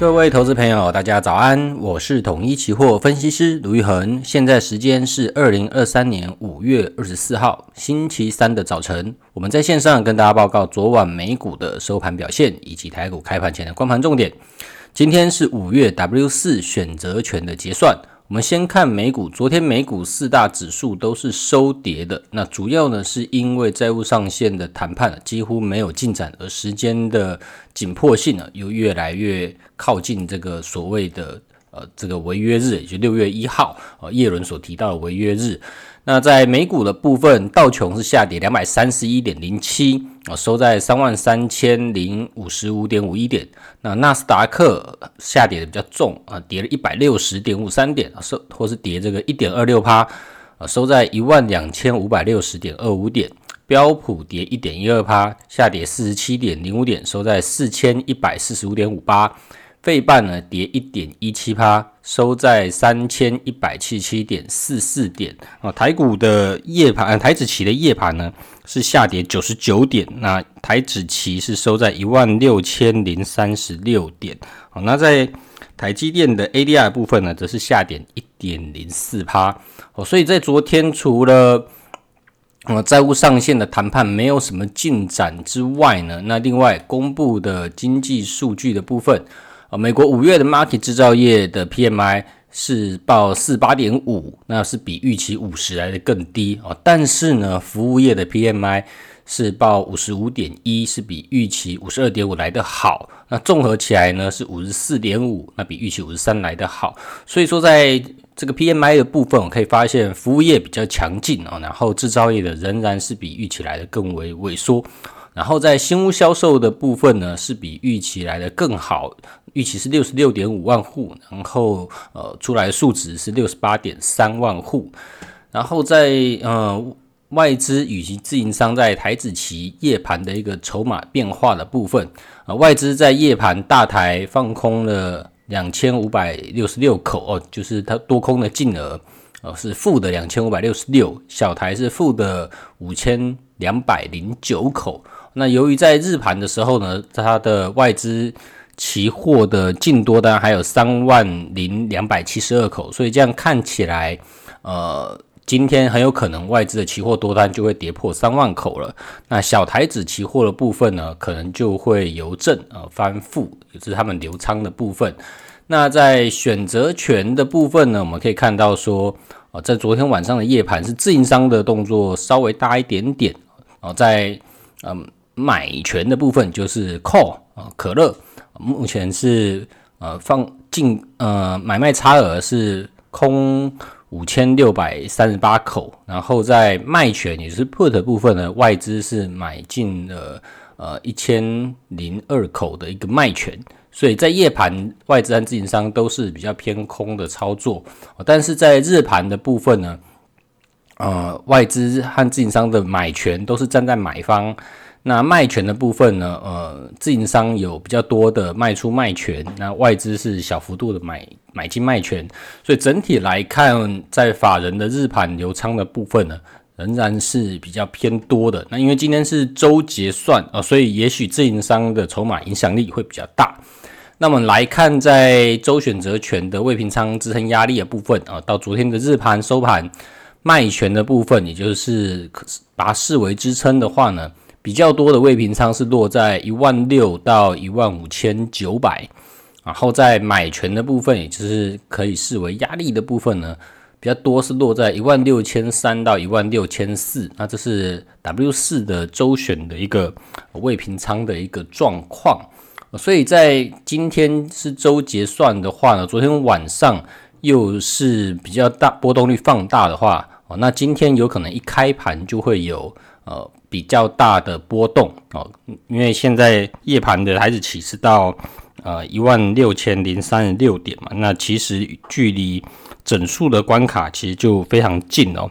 各位投資朋友，大家早安！我是統一期貨分析師盧昱衡，現在時間是二零二三年五月二十四號星期三的早晨。我們在線上跟大家報告昨晚美股的收盤表現以及台股開盤前的觀盤重點。今天是五月 W 四選擇權的結算。我們先看美股，昨天美股四大指數都是收跌的。那主要呢，是因為債務上限的談判幾乎沒有進展，而時間的緊迫性呢，又越來越靠近這個所謂的呃這個違約日，也就是六月一號呃，葉倫所提到的違約日。那在美股的部分，道瓊是下跌兩百三十一點零七啊，收在三萬三千零五十五點五一點。那納斯達克下跌的比較重啊，跌了一百六十點五三點，收或是跌這個一點二六趴，啊，收在一萬兩千五百六十點二五點。標普跌一點一二趴，下跌四十七點零五點，收在四千一百四十五點五八。費半呢跌一點一七趴，收在三千一百七十七點四四點。哦，台股的夜盤、呃，台指期的夜盤呢是下跌九十九點，那台指期是收在一萬六千零三十六點，哦。那在台積電的 ADR 的部分呢，則是下跌一點零四趴。哦，所以在昨天除了呃債務上限的談判沒有什麼進展之外呢，那另外公布的經濟數據的部分。呃，美國五月的 market 製造業的 PMI 是報四八點五，那是比預期五十來得更低。但是呢，服務業的 PMI 是報五十五點一，是比預期五十二點五來得好。那綜合起來呢，是五十四點五，那比預期五十三來得好。所以說，在這個 PMI 的部分，我可以發現服務業比較強勁，然後製造業的仍然是比預期來得更為萎縮。然後在新屋銷售的部分呢，是比預期來的更好，預期是六十六點五萬戶，然後呃出來的數值是六十八點三萬戶。然後在呃外資以及自營商在台指期夜盤的一個籌碼變化的部分，啊、呃、外資在夜盤大台放空了兩千五百六十六口哦，就是它多空的淨額呃，是負的兩千五百六十六，小台是負的五千兩百零九口。那由於在日盤的時候呢，它的外資期貨的淨多單還有三萬零兩百七十二口，所以這樣看起來，呃，今天很有可能外資的期貨多單就會跌破三萬口了。那小台子期貨的部分呢，可能就會由正而翻負，也是他們留倉的部分。那在選擇權的部分呢，我們可以看到說，啊、呃，在昨天晚上的夜盤是自營商的動作稍微大一點點，啊、呃，在嗯。呃買權的部分就是 call 啊，可樂目前是呃放進呃買賣差額是空五千六百三十八口，然後在賣權也就是 put 的部分呢，外資是買進了呃一千零二口的一個賣權，所以在夜盤外資和自營商都是比較偏空的操作，但是在日盤的部分呢，呃外資和自營商的買權都是站在買方。那賣權的部分呢？呃，自營商有比較多的賣出賣權，那外資是小幅度的買買進賣權，所以整體來看，在法人的日盤留倉的部分呢，仍然是比較偏多的。那因為今天是周結算啊，呃，所以也許自營商的籌碼影響力會比較大。那麼來看在周選擇權的未平倉支撐壓力的部分啊，呃，到昨天的日盤收盤賣權的部分，也就是把視為支撐的話呢，比較多的未平倉是落在一萬六到一萬五千九百，然後在買權的部分，也就是可以視為壓力的部分呢，比較多是落在一萬六千三到一萬六千四。那這是 W 四的周選的一個未平倉的一個狀況。所以在今天是周結算的話呢，昨天晚上又是比較大波動率放大的話，哦，那今天有可能一開盤就會有呃。比較大的波動哦，因為現在夜盤的還是起始到呃一萬六千零三十六點嘛，那其實距離整數的關卡其實就非常近哦。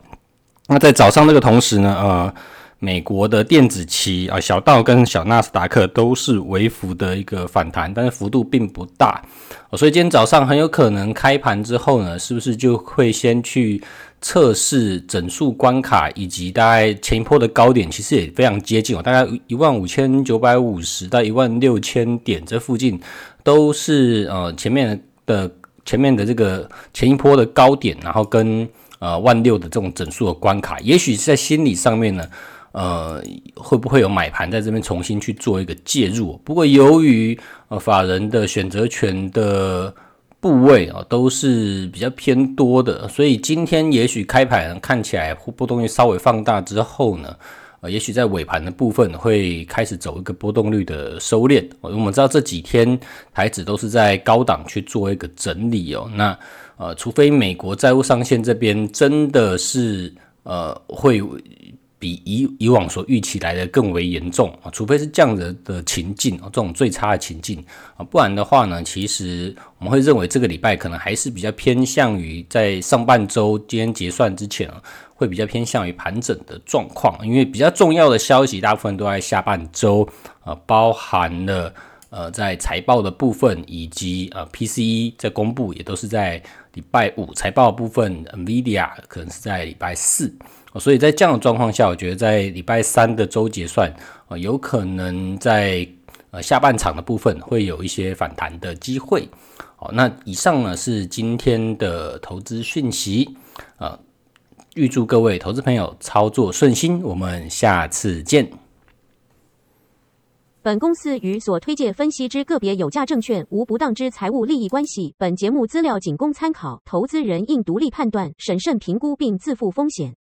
那在早上這個同時呢，呃，美國的電子期啊、呃，小道跟小納斯達克都是微幅的一個反彈，但是幅度並不大哦，所以今天早上很有可能開盤之後呢，是不是就會先去測試整數關卡，以及大概前一波的高點，其實也非常接近哦，大概一萬五千九百五十到一萬六千點這附近，都是呃前面的前面的這個前一波的高點，然後跟呃萬六的這種整數的關卡，也許在心理上面呢，呃會不會有買盤在這邊重新去做一個介入？不過由於呃法人的選擇權的。部位啊都是比較偏多的，所以今天也許開盤看起來波動率稍微放大之後呢，呃，也許在尾盤的部分會開始走一個波動率的收斂。我們知道這幾天台指都是在高檔去做一個整理哦，那呃，除非美國債務上限這邊真的是呃會。比以以往所預期來的更為嚴重啊，除非是這樣子的情境啊，這種最差的情境啊，不然的話呢，其實我們會認為這個禮拜可能還是比較偏向於在上半周今天結算之前，啊，會比較偏向於盤整的狀況，因為比較重要的消息大部分都在下半周啊，包含了呃在財報的部分以及呃、啊，PCE 在公布，也都是在禮拜五財報部分，NVIDIA 可能是在禮拜四。所以在這樣的狀況下，我覺得在禮拜三的週結算，啊，有可能在呃下半場的部分會有一些反彈的機會。好，那以上呢是今天的投資訊息，啊，預祝各位投資朋友操作順心。我們下次見。本公司與所推薦分析之個別有價證券無不當之財務利益關係。本節目資料僅供參考，投資人應獨立判斷、審慎評估並自負風險。